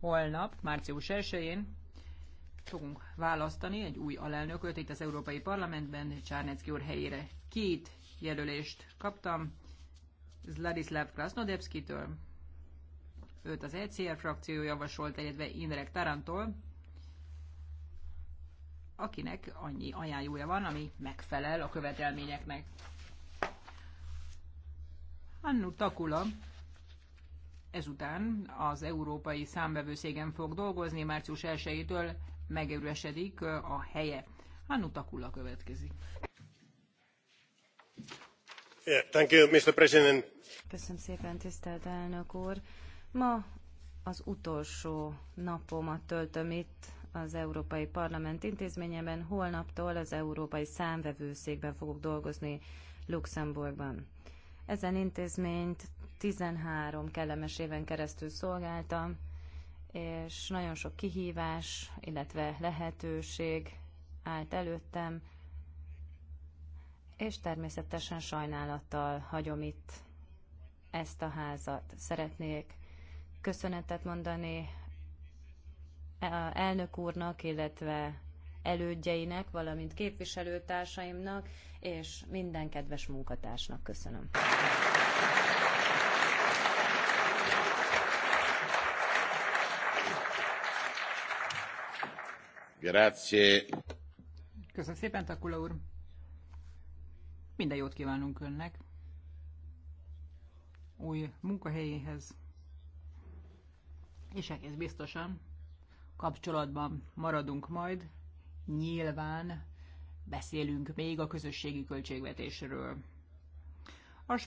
holnap, március 1-én fogunk választani egy új alelnököt itt az Európai Parlamentben, Csárnecki úr helyére. Két jelölést kaptam Zladislav Krasnodebskitől, őt az ECR frakció javasolt, illetve Inrek Tarantól, akinek annyi ajánlója van, ami megfelel a követelményeknek. Annu Takula Ezután az Európai Számbevőszégen fog dolgozni, március 1-től megerősödik a helye. Hanuta Kula következik. Yeah, thank you, Mr. President. Köszönöm szépen, tisztelt elnök úr. Ma az utolsó napomat töltöm itt az Európai Parlament intézményeben, holnaptól az Európai Számvevőszékben fogok dolgozni Luxemburgban. Ezen intézményt 13 kellemes éven keresztül szolgáltam, és nagyon sok kihívás, illetve lehetőség állt előttem, és természetesen sajnálattal hagyom itt ezt a házat. Szeretnék köszönetet mondani e- elnök úrnak, illetve elődjeinek, valamint képviselőtársaimnak, és minden kedves munkatársnak köszönöm. Grazie. Köszönöm szépen, Takula úr. Minden jót kívánunk önnek. Új munkahelyéhez. És egész biztosan kapcsolatban maradunk majd. Nyilván beszélünk még a közösségi költségvetésről. A